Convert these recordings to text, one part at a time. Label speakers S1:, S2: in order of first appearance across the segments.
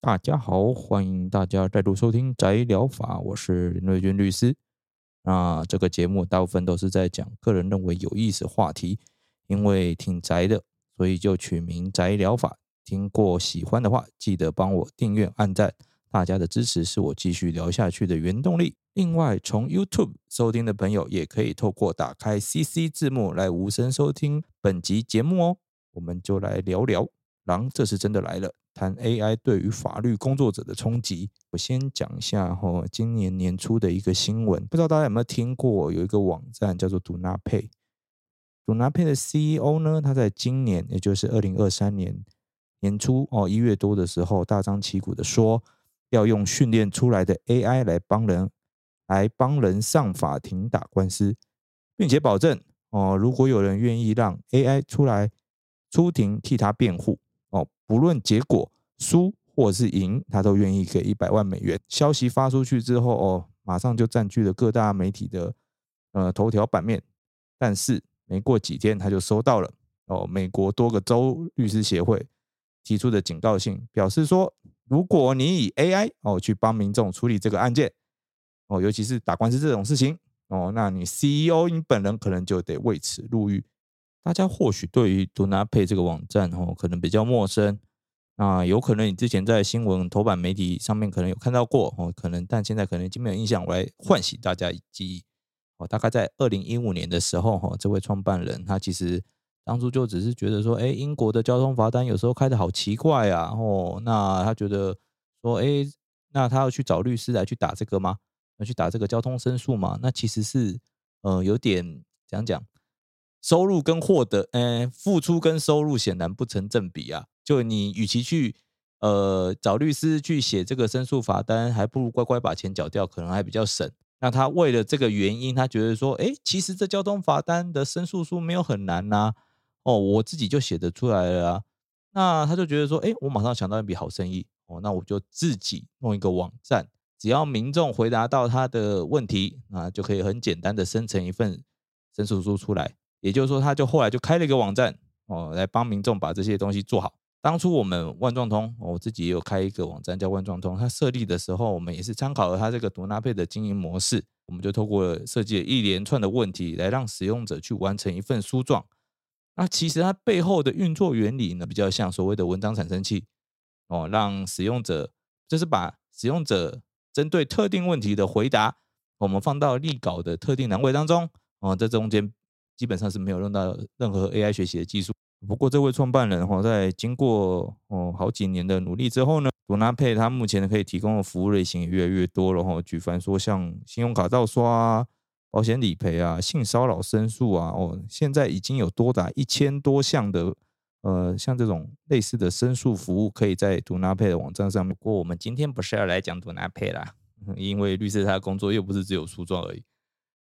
S1: 大家好，歡迎大家再度收聽宅聊法，我是林瑞軍律師。那這個節目大部分都是在講個人認為有意思話題，因為挺宅的，所以就取名宅聊法。聽過喜歡的話，記得幫我訂閱、按讚，大家的支持是我繼續聊下去的原動力。另外，從 YouTube 收聽的朋友也可以透過打開 CC 字幕來無聲收聽本集節目哦。我們就來聊聊，狼這次真的來了。談 AI 對於法律工作者的衝擊。我先講一下吼，今年年初的一個新聞，不知道大家有沒有聽過？有一個網站叫做 DoNotPay。DoNotPay 的 CEO 呢，他在今年，也就是二零二三年年初哦，一月多的時候，大張旗鼓的說要用訓練出來的 AI 來幫人，來幫人上法庭打官司，並且保證哦，如果有人願意讓 AI 出來出庭替他辯護。哦，不論結果輸或者是贏，他都願意給一百萬美元。消息發出去之後，哦，馬上就占據了各大媒體的呃頭條版面。但是沒過幾天，他就收到了哦，美國多個州律師協會提出的警告信，表示說，如果你以 AI 哦去幫民眾處理這個案件，哦，尤其是打官司這種事情，哦，那你 CEO 你本人可能就得為此入獄。大家或許對於 DoNotPay 這個網站，哦，可能比較陌生。那有可能你之前在新聞頭版媒體上面可能有看到過，哦，可能但現在可能已經沒有印象。我來喚醒大家記憶。哦，大概在二零一五年的時候，哈、哦，這位創辦人他其實當初就只是覺得說，哎、欸，英國的交通罰單有時候開的好奇怪啊，哦，那他覺得說，哎、欸，那他要去找律師來去打這個嗎？要去打這個交通申訴嗎？那其實是，呃，有點怎樣講？收入跟獲得，嗯、欸，付出跟收入顯然不成正比啊。就你與其去，呃，找律師去寫這個申訴罰單，還不如乖乖把錢繳掉，可能還比較省。那他為了這個原因，他覺得說，哎、欸，其實這交通罰單的申訴書沒有很難吶、啊。哦，我自己就寫得出來了。啊，那他就覺得說，哎、欸，我馬上想到一筆好生意。哦，那我就自己弄一個網站，只要民眾回答到他的問題，啊，就可以很簡單的生成一份申訴書出來。也就是說，他就後來就開了一個網站，哦，來幫民眾把這些東西做好。當初我們萬眾通、哦，我自己也有開一個網站叫萬眾通。它設立的時候，我們也是參考了它這個 Donotpay 的經營模式。我們就透過了設計了一連串的問題，來讓使用者去完成一份書狀。那、啊、其實它背後的運作原理呢，比較像所謂的文章產生器，哦，讓使用者就是把使用者針對特定問題的回答，我們放到立稿的特定欄位當中，哦，在中間。基本上是沒有用到任何 AI 學習的技術。不過，這位創辦人哈，在經過哦好幾年的努力之後呢，DoNotPay 他目前可以提供的服務類型也越來越多。然後，舉凡說像信用卡盜刷啊、保險理賠啊、性騷擾申訴啊，哦，現在已經有多達一千多項的呃，像這種類似的申訴服務，可以在 DoNotPay 的網站上面。不過，我們今天不是要來講 DoNotPay 啦，因為律師他的工作又不是只有書狀而已。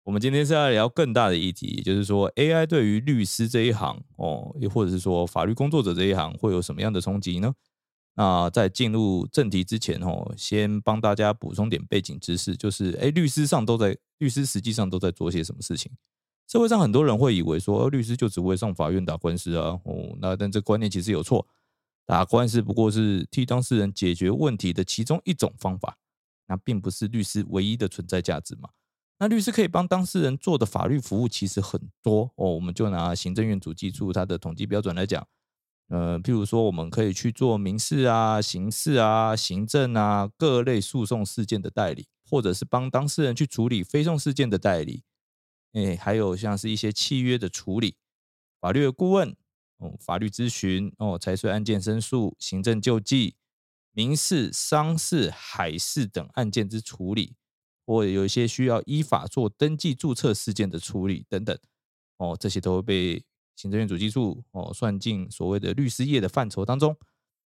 S1: 我們今天是要來聊更大的議題，也就是說 AI 對於律師這一行哦，又或者是說法律工作者這一行會有什麼樣的衝擊呢？那在進入正題之前哦，先幫大家補充點背景知識，就是，誒，律師上都在，律師實際上都在做些什麼事情？社會上很多人會以為說，律師就只會上法院打官司啊，哦，那但這觀念其實有錯，打官司不過是替當事人解決問題的其中一種方法，那並不是律師唯一的存在價值嘛。那律師可以幫當事人做的法律服務其實很多哦，我們就拿行政院主計處它的統計標準來講，呃，譬如說我們可以去做民事啊、刑事啊、行政啊各類訴訟事件的代理，或者是幫當事人去處理非訟事件的代理，哎、欸，還有像是一些契約的處理、法律的顧問、哦法律諮詢、哦財稅案件申訴、行政救濟、民事、商事、海事等案件之處理。或有一些需要依法做登記註冊事件的處理等等，哦，這些都會被行政院主計處哦算進所謂的律師業的範疇當中。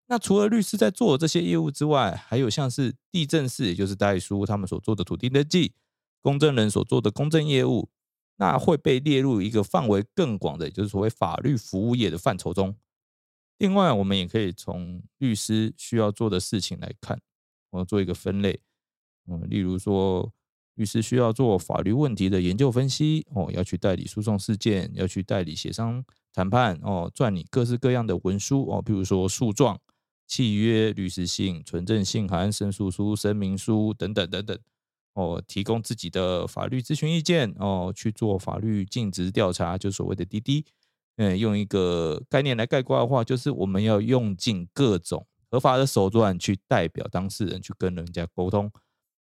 S1: 那除了律師在做這些業務之外，還有像是地政士，也就是代書他們所做的土地登記、公證人所做的公證業務，那會被列入一個範圍更廣的，也就是所謂法律服務業的範疇中。另外，我們也可以從律師需要做的事情來看，我要做一個分類。嗯，例如說，律師需要做法律問題的研究分析，哦，要去代理訴訟事件，要去代理協商談判，哦，撰擬各式各樣的文書，哦，比如說訴狀、契約、律師信、存證信函、申訴書、聲明書等等等等，哦，提供自己的法律諮詢意見，哦，去做法律盡職調查，就所謂的滴滴。嗯，用一個概念來概括的話，就是我們要用盡各種合法的手段去代表當事人去跟人家溝通，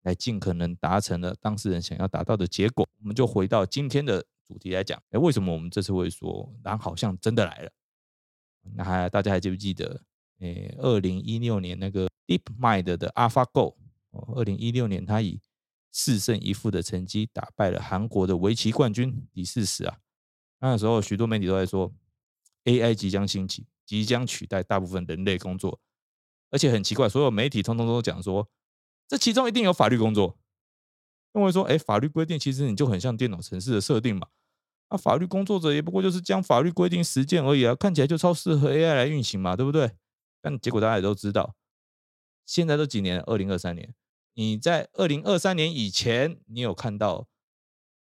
S1: 來盡可能達成了當事人想要達到的結果，我們就回到今天的主題來講。哎，為什麼我們這次會說，狼好像真的來了？那還大家還記不記得？哎，二零一六年那個 DeepMind 的 AlphaGo，二零一六年它以四勝一負的成績打敗了韓國的圍棋冠軍李世石啊。那時候許多媒體都在說，AI 即將興起，即將取代大部分人類工作，而且很奇怪，所有媒體通通都講說。這其中一定有法律工作，因為說，哎，法律規定其實你就很像電腦程式的設定嘛。那、啊、法律工作者也不過就是將法律規定實踐而已啊，看起來就超適合 AI 來運行嘛，對不對？但結果大家也都知道，現在都幾年了，二零二三年，你在二零二三年以前，你有看到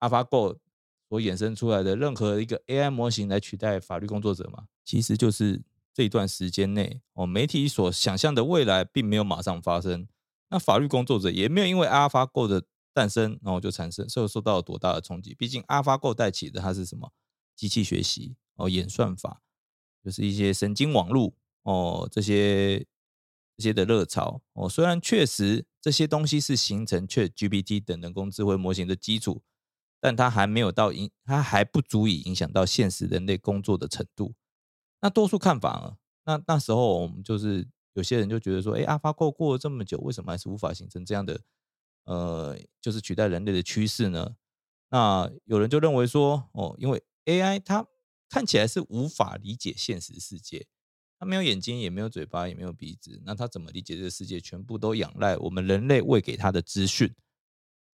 S1: AlphaGo 所衍生出來的任何一個 AI 模型來取代法律工作者嗎？其實就是這段時間內，哦，媒體所想象的未來並沒有馬上發生。那法律工作者也沒有因為 AlphaGo 的誕生，然後就產生，所以受到了多大的衝擊？畢竟 AlphaGo 帶起的它是什麼？機器學習哦，演算法，就是一些神經網絡哦，這些這些的熱潮哦。雖然確實這些東西是形成 ChatGPT 等人工智慧模型的基礎，但它還沒有到影，它還不足以影響到現實人類工作的程度。那多數看法啊，那那時候我們就是。有些人就覺得說，哎、欸，阿法狗過了這麼久，為什麼還是無法形成這樣的，呃，就是取代人類的趨勢呢？那有人就認為說，哦，因為 AI 它看起來是無法理解現實世界，它沒有眼睛，也沒有嘴巴，也沒有鼻子，那它怎麼理解這個世界？全部都仰賴我們人類餵給它的資訊。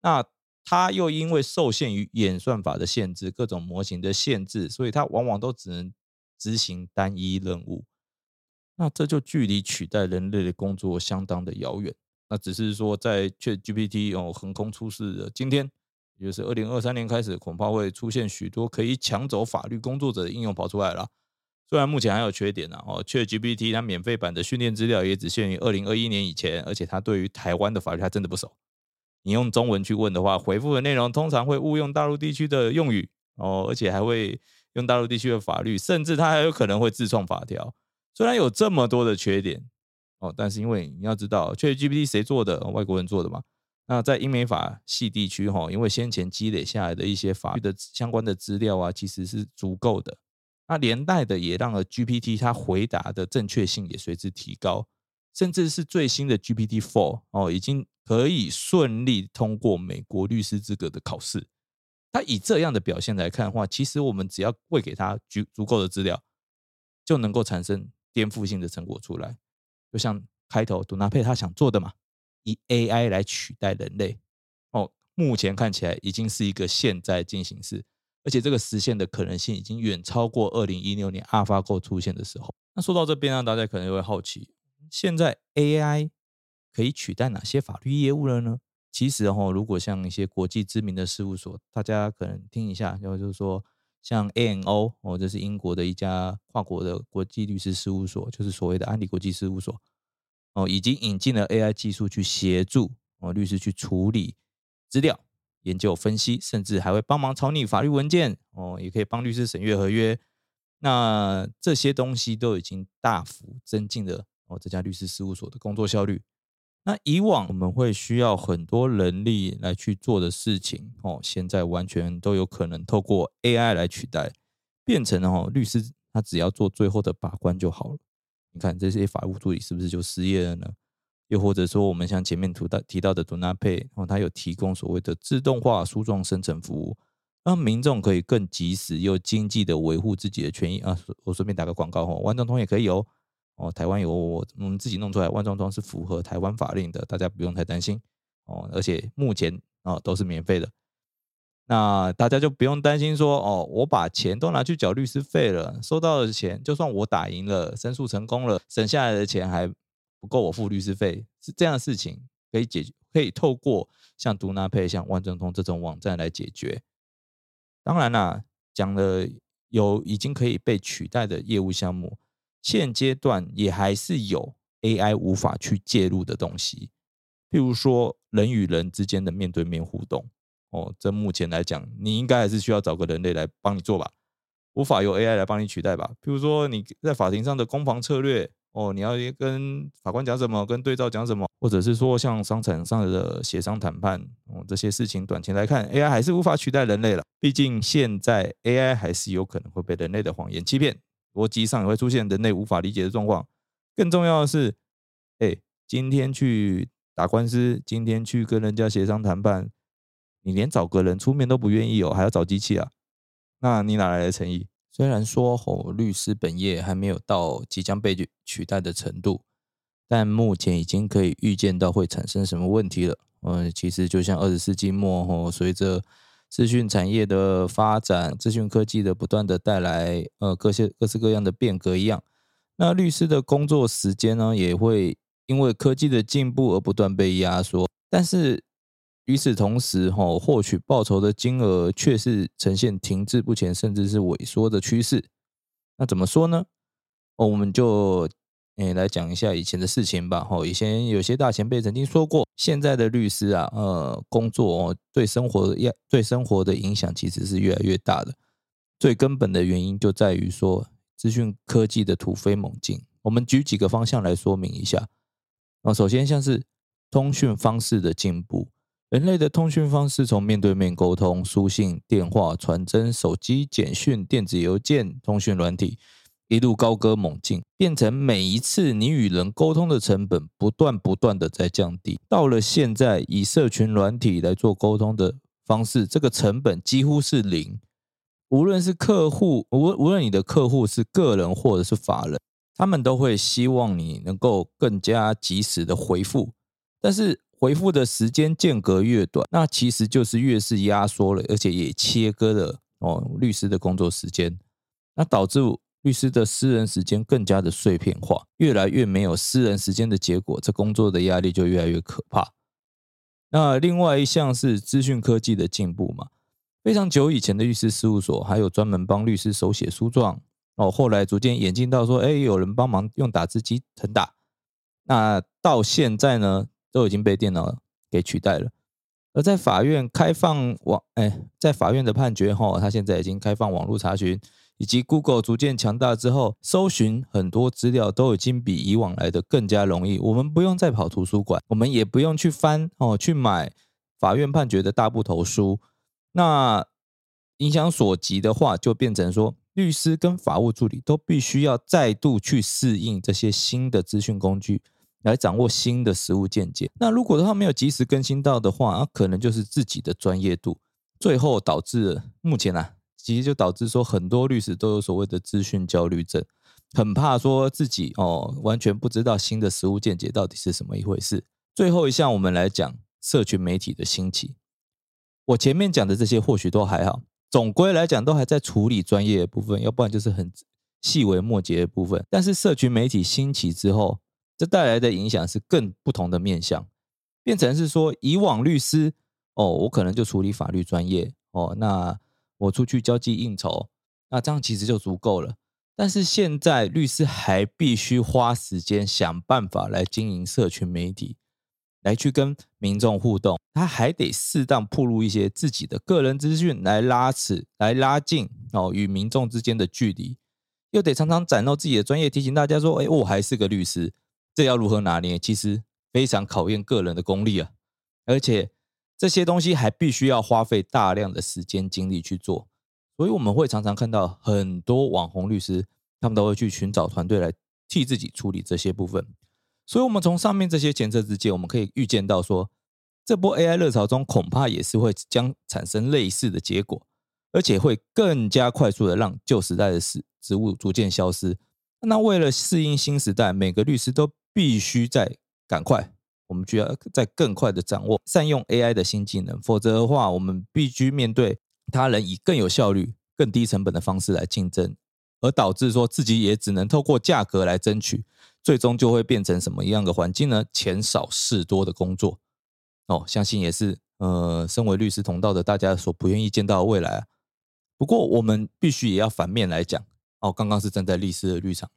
S1: 那它又因為受限於演算法的限制、各種模型的限制，所以它往往都只能執行單一任務。那這就距離取代人類的工作相當的遙遠。那只是說，在 ChatGPT 哦橫空出世的今天，也就是二零二三年開始，恐怕會出現許多可以搶走法律工作者的應用跑出來了。雖然目前還有缺點呢、啊，哦，ChatGPT 它免費版的訓練資料也只限於二零二一年以前，而且它對於台灣的法律它真的不熟。你用中文去問的話，回復的內容通常會誤用大陸地區的用語哦，而且還會用大陸地區的法律，甚至它還有可能會自創法條。雖然有這麼多的缺點哦，但是因為你要知道，確實 GPT 誰做的？哦、外國人做的嘛。那在英美法系地區哈、哦，因為先前積累下來的一些法律的相關的資料啊，其實是足夠的。那連帶的也讓了 GPT 它回答的正確性也隨之提高，甚至是最新的 GPT Four 哦，已經可以順利通過美國律師資格的考試。他以這樣的表現來看的話，其實我們只要餵給他足足夠的資料，就能夠產生。顛覆性的成果出來，就像開頭 DoNotPay 他想做的嘛，以 AI 來取代人類。哦，目前看起來已經是一個現在進行式，而且這個實現的可能性已經遠超過二零一六年阿爾法狗出現的時候。那說到這邊，呢，大家可能就會好奇，現在 AI 可以取代哪些法律業務了呢？其實哈、哦，如果像一些國際知名的事務所，大家可能聽一下，然後就是說。像 A N O 哦，這是英國的一家跨國的國際律師事務所，就是所謂的安迪國際事務所哦，已經引進了 AI 技術去協助哦律師去處理資料、研究、分析，甚至還會幫忙草擬法律文件哦，也可以幫律師審閱合約。那這些東西都已經大幅增進了哦這家律師事務所的工作效率。那以往我們會需要很多人力來去做的事情，哦，現在完全都有可能透過 AI 來取代，變成哦，律師他只要做最後的把關就好了。你看這些法務助理是不是就失業了呢？又或者說，我們像前面圖到提到的 DoNotPay，然後他有提供所謂的自動化訴狀生成服務，讓民眾可以更及時又經濟的維護自己的權益啊。我順便打個廣告哦，萬眾通也可以哦、喔。哦，台灣有我我們自己弄出來，萬證通是符合台灣法令的，大家不用太擔心。哦，而且目前啊、哦、都是免費的，那大家就不用擔心說哦，我把錢都拿去繳律師費了，收到的錢就算我打贏了，申訴成功了，省下來的錢還不夠我付律師費，是這樣的事情可以解決，可以透過像 DoNotPay，像萬證通這種網站來解決。當然啦、啊，講了有已經可以被取代的業務項目。現階段也還是有 AI 無法去介入的東西，譬如說人與人之間的面對面互動哦，這目前來講，你應該還是需要找個人類來幫你做吧，無法由 AI 來幫你取代吧。譬如說你在法庭上的攻防策略哦，你要跟法官講什麼，跟對造講什麼，或者是說像商場上的協商談判哦，這些事情，短期來看，AI 還是無法取代人類了。畢竟現在 AI 還是有可能會被人類的謊言欺騙。邏輯上也會出現人類無法理解的狀況。更重要的是，哎，今天去打官司，今天去跟人家協商談判，你連找個人出面都不願意哦，還要找機器啊？那你哪來的誠意？雖然說吼、哦，律師本業還沒有到即將被取代的程度，但目前已經可以預見到會產生什麼問題了。嗯，其實就像二十世紀末哦，隨着資訊產業的發展，資訊科技的不斷的帶來，呃，各些各式各樣的變革一樣。那律師的工作時間呢，也會因為科技的進步而不斷被壓縮。但是與此同時，哈、哦，獲取報酬的金額卻是呈現停滯不前，甚至是萎縮的趨勢。那怎麼說呢？哦，我們就。也來講一下以前的事情吧。以前有些大前輩曾經說過，現在的律師啊，呃，工作、哦、對生活、對生活的影響其實是越來越大的。最根本的原因就在於說，資訊科技的突飛猛進。我們舉幾個方向來說明一下。啊、呃，首先像是通訊方式的進步，人類的通訊方式從面對面溝通、書信、電話、傳真、手機、簡訊、電子郵件、通訊軟體。一路高歌猛進，變成每一次你與人溝通的成本不斷不斷的在降低。到了現在，以社群軟體來做溝通的方式，這個成本幾乎是零。無論是客戶，無無論你的客戶是個人或者是法人，他們都會希望你能夠更加及時的回復。但是回復的時間間隔越短，那其實就是越是壓縮了，而且也切割了哦，律師的工作時間，那導致。律師的私人時間更加的碎片化，越來越沒有私人時間的結果，這工作的壓力就越來越可怕。那另外一項是資訊科技的進步嘛，非常久以前的律師事務所還有專門幫律師手寫書狀哦，後來逐漸演進到說，哎，有人幫忙用打字機謄打，那到現在呢，都已經被電腦給取代了。而在法院開放網，哎，在法院的判決後，他現在已經開放網絡查詢。以及 Google 逐漸強大之後，搜尋很多資料都已經比以往來的更加容易。我們不用再跑圖書館，我們也不用去翻哦，去買法院判決的大部頭書。那影響所及的話，就變成說，律師跟法務助理都必須要再度去適應這些新的資訊工具，來掌握新的實務見解。那如果他沒有及時更新到的話，啊，可能就是自己的專業度，最後導致了目前呢，啊。其實就導致說，很多律師都有所謂的資訊焦慮症，很怕說自己哦，完全不知道新的實務見解到底是什麼一回事。最後一項，我們來講社群媒體的興起。我前面講的這些或許都還好，總歸來講都還在處理專業的部分，要不然就是很細微末節的部分。但是社群媒體興起之後，這帶來的影響是更不同的面向，變成是說，以往律師哦，我可能就處理法律專業哦，那。我出去交際應酬，那這樣其實就足夠了。但是現在律師還必須花時間想辦法來經營社群媒體，來去跟民眾互動。他還得適當曝露一些自己的個人資訊來拉扯、來拉近哦與民眾之間的距離，又得常常展露自己的專業，提醒大家說：“哎，我還是個律師。”這要如何拿捏？其實非常考驗個人的功力啊！而且。這些東西還必須要花費大量的時間精力去做，所以我們會常常看到很多網紅律師，他們都會去尋找團隊來替自己處理這些部分。所以，我們從上面這些前車之鑑，我們可以預見到說，這波 AI 熱潮中，恐怕也是會將產生類似的結果，而且會更加快速的讓舊時代的職職務逐漸消失。那為了適應新時代，每個律師都必須在趕快。我們就要再更快的掌握、善用 AI 的新技能，否則的話，我們必須面對他人以更有效率、更低成本的方式來競爭，而導致說自己也只能透過價格來爭取，最終就會變成什麼樣的環境呢？錢少事多的工作哦，相信也是呃，身為律師同道的大家所不願意見到的未來啊。不過我們必須也要反面來講哦，剛剛是站在律師的立場，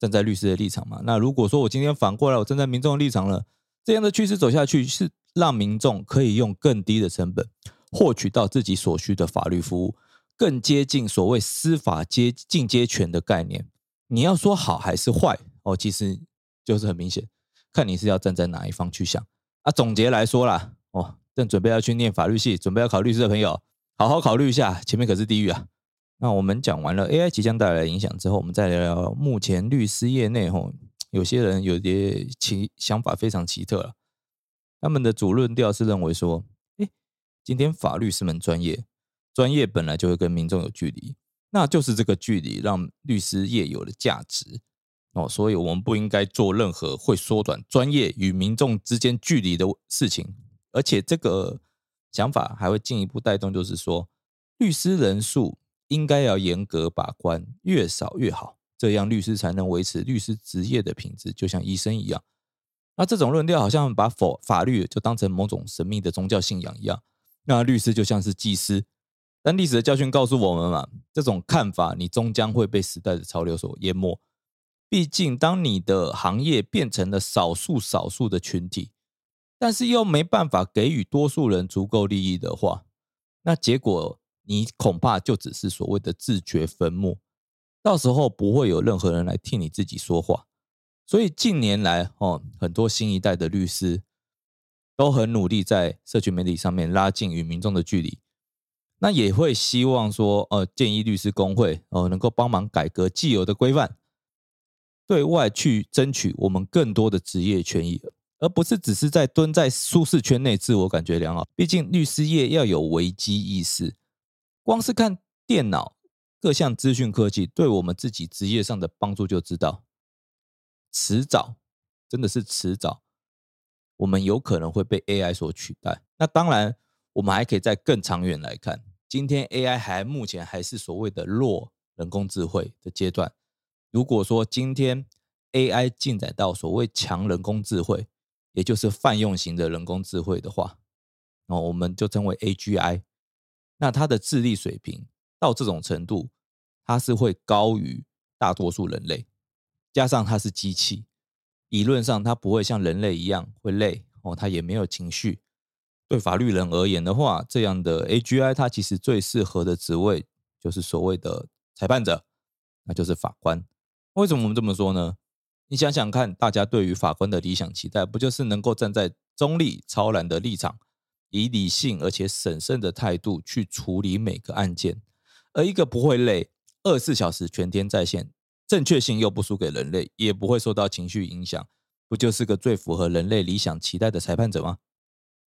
S1: 站在律師的立場嘛。那如果說我今天反過來，我站在民眾的立場了。這樣的趨勢走下去，是讓民眾可以用更低的成本獲取到自己所需的法律服務，更接近所謂司法接近接權的概念。你要說好還是壞哦，其實就是很明顯，看你是要站在哪一方去想啊。總結來說啦，哦，正準備要去念法律系，準備要考律師的朋友，好好考慮一下，前面可是地獄啊。那我們講完了 AI 即將帶來的影響之後，我們再聊聊目前律師業內吼。哦有些人有些奇想法非常奇特啊，他們的主論調是認為說，誒，今天法律是門專業，專業本來就會跟民眾有距離，那就是這個距離讓律師業有了價值哦，所以我們不應該做任何會縮短專業與民眾之間距離的事情，而且這個想法還會進一步帶動，就是說律師人數應該要嚴格把關，越少越好。這樣，律師才能維持律師職業的品質，就像醫生一樣。那這種論調，好像把法律就當成某種神秘的宗教信仰一樣。那律師就像是祭司。但歷史的教訓告訴我們嘛，這種看法你終將會被時代的潮流所淹沒。畢竟，當你的行業變成了少數少數的群體，但是又沒辦法給予多數人足夠利益的話，那結果你恐怕就只是所謂的自掘墳墓。到時候不會有任何人來替你自己說話，所以近年來哦，很多新一代的律師都很努力在社群媒體上面拉近與民眾的距離，那也會希望說，呃，建議律師公會哦，能夠幫忙改革既有的規範，對外去爭取我們更多的職業權益，而不是只是在蹲在舒適圈內自我感覺良好。畢竟律師業要有危機意識，光是看電腦。各項資訊科技對我們自己職業上的幫助，就知道遲早，真的是遲早，我們有可能會被 AI 所取代。那當然，我們還可以在更長遠來看，今天 AI 還目前還是所謂的弱人工智慧的階段。如果說今天 AI 進展到所謂強人工智慧，也就是泛用型的人工智慧的話，那我們就稱為 AGI，那它的智力水平，到這種程度，它是會高於大多數人類。加上它是機器，理論上它不會像人類一樣會累哦，它也沒有情緒。對法律人而言的話，這樣的 AGI 它其實最適合的職位就是所謂的裁判者，那就是法官。為什麼我們這麼說呢？你想想看，大家對於法官的理想期待，不就是能夠站在中立超然的立場，以理性而且審慎的態度去處理每個案件？而一個不會累、二十四小時全天在線、正確性又不輸給人類、也不會受到情緒影響，不就是個最符合人類理想期待的裁判者嗎？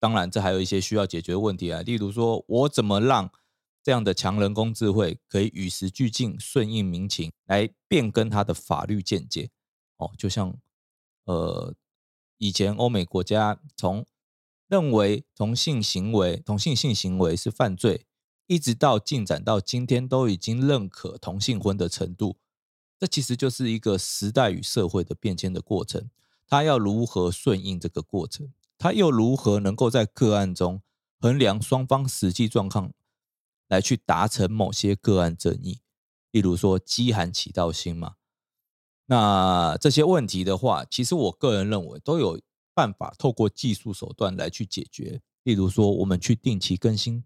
S1: 當然，這還有一些需要解決的問題啊，例如說我怎麼讓這樣的強人工智慧可以與時俱進、順應民情，來變更它的法律見解？哦，就像呃，以前歐美國家從認為同性行為、同性性行為是犯罪。一直到進展到今天，都已經認可同性婚的程度，這其實就是一個時代與社會的變遷的過程。他要如何順應這個過程？他又如何能夠在個案中衡量雙方實際狀況，來去達成某些個案正義？例如說飢寒起盜心嘛。那這些問題的話，其實我個人認為都有辦法透過技術手段來去解決。例如說，我們去定期更新。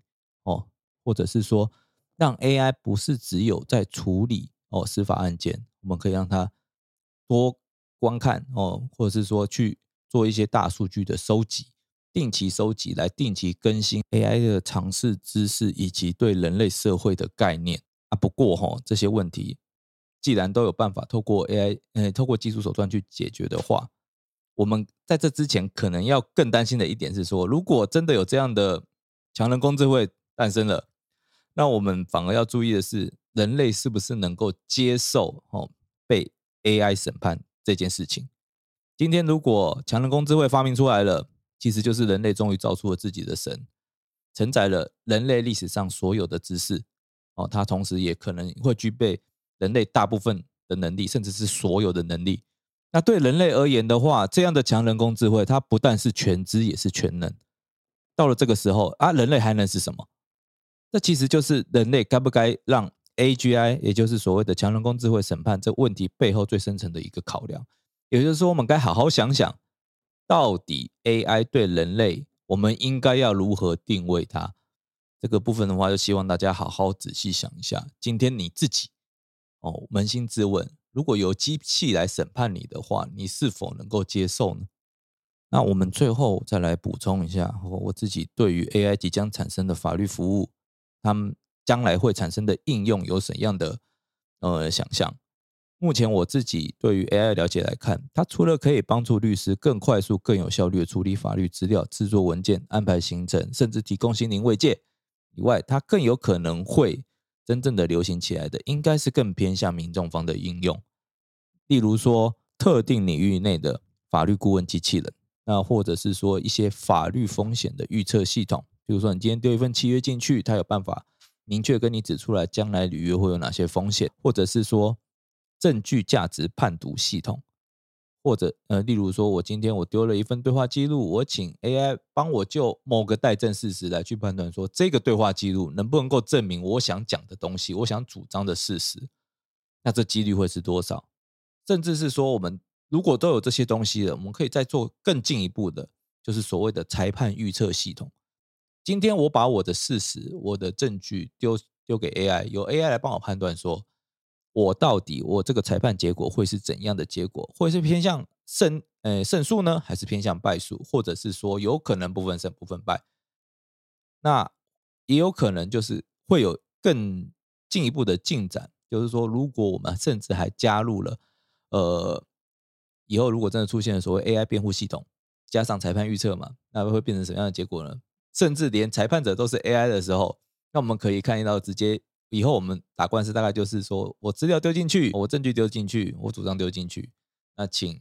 S1: 或者是說，讓 AI 不是只有在處理哦司法案件，我們可以讓它多觀看哦，或者是說去做一些大數據的收集，定期收集來定期更新 AI 的常識知識以及對人類社會的概念啊。不過哈、哦，這些問題既然都有辦法透過 AI，呃，透過技術手段去解決的話，我們在這之前可能要更擔心的一點是說，如果真的有這樣的強人工智慧誕生了。那我們反而要注意的是，人類是不是能夠接受哦被 AI 審判這件事情？今天如果強人工智慧發明出來了，其實就是人類終於造出了自己的神，承載了人類歷史上所有的知識哦，它同時也可能會具備人類大部分的能力，甚至是所有的能力。那對人類而言的話，這樣的強人工智慧，它不但是全知，也是全能。到了這個時候啊，人類還能是什麼？那其實就是人類該不該讓 A G I，也就是所謂的強人工智慧審判這問題背後最深層的一個考量，也就是說，我們該好好想想，到底 A I 對人類，我們應該要如何定位它？這個部分的話，就希望大家好好仔細想一下。今天你自己哦，捫心自問，如果有機器來審判你的話，你是否能夠接受呢？那我們最後再來補充一下，哦、我自己對於 A I 即將產生的法律服務。他們將來會產生的應用有怎樣的呃想象？目前我自己對於 AI 了解來看，它除了可以幫助律師更快速、更有效率的處理法律資料、製作文件、安排行程，甚至提供心靈慰藉以外，它更有可能會真正的流行起來的，應該是更偏向民眾方的應用，例如說特定領域內的法律顧問機器人，那或者是說一些法律風險的預測系統。比如說，你今天丟一份契約進去，它有辦法明確跟你指出來將來履約會有哪些風險，或者是說證據價值判讀系統，或者呃，例如說我今天我丟了一份對話記錄，我請 AI 幫我就某個待證事實來去判斷說這個對話記錄能不能夠證明我想講的東西，我想主張的事實，那這幾率會是多少？甚至是說，我們如果都有這些東西了，我們可以再做更進一步的，就是所謂的裁判預測系統。今天我把我的事實、我的證據丟丟給 AI，由 AI 來幫我判斷說，說我到底我這個裁判結果會是怎樣的結果，會是偏向勝呃勝訴呢，還是偏向敗訴，或者是說有可能部分勝、部分敗？那也有可能就是會有更進一步的進展，就是說，如果我們甚至還加入了呃，以後如果真的出現了所謂 AI 辯護系統，加上裁判預測嘛，那會變成什麼樣的結果呢？甚至連裁判者都是 AI 的時候，那我們可以看到，直接以後我們打官司，大概就是說我資料丟進去，我證據丟進去，我主張丟進去，那請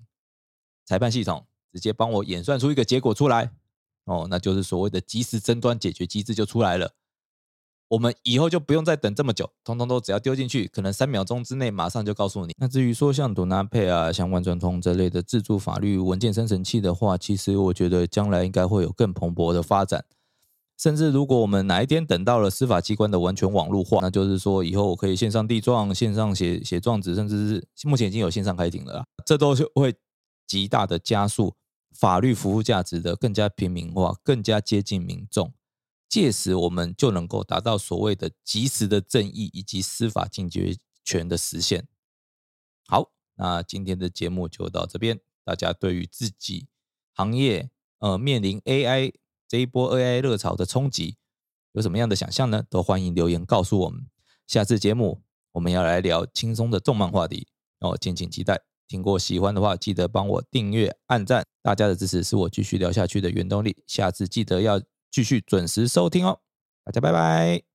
S1: 裁判系統直接幫我演算出一個結果出來。哦，那就是所謂的即時爭端解決機制就出來了。我們以後就不用再等這麼久，通通都只要丟進去，可能三秒鐘之內馬上就告訴你。那至於說像 DoNotPay 啊、像萬專通這類的自助法律文件生成器的話，其實我覺得將來應該會有更蓬勃的發展。甚至如果我們哪一天等到了司法機關的完全網絡化，那就是說以後我可以線上遞狀、線上寫寫狀紙，甚至是目前已經有線上開庭了啦，這都是會極大的加速法律服務價值的更加平民化、更加接近民眾。屆時我們就能夠達到所謂的及時的正義以及司法警覺權的實現。好，那今天的節目就到這邊。大家對於自己行業呃面臨 AI。這一波 AI 熱潮的衝擊，有什麼樣的想象呢？都歡迎留言告訴我們。下次節目我們要來聊輕鬆的動漫話題，哦，敬請期待。聽過喜歡的話，記得幫我訂閱、按讚，大家的支持是我繼續聊下去的原動力。下次記得要繼續準時收聽哦，大家拜拜。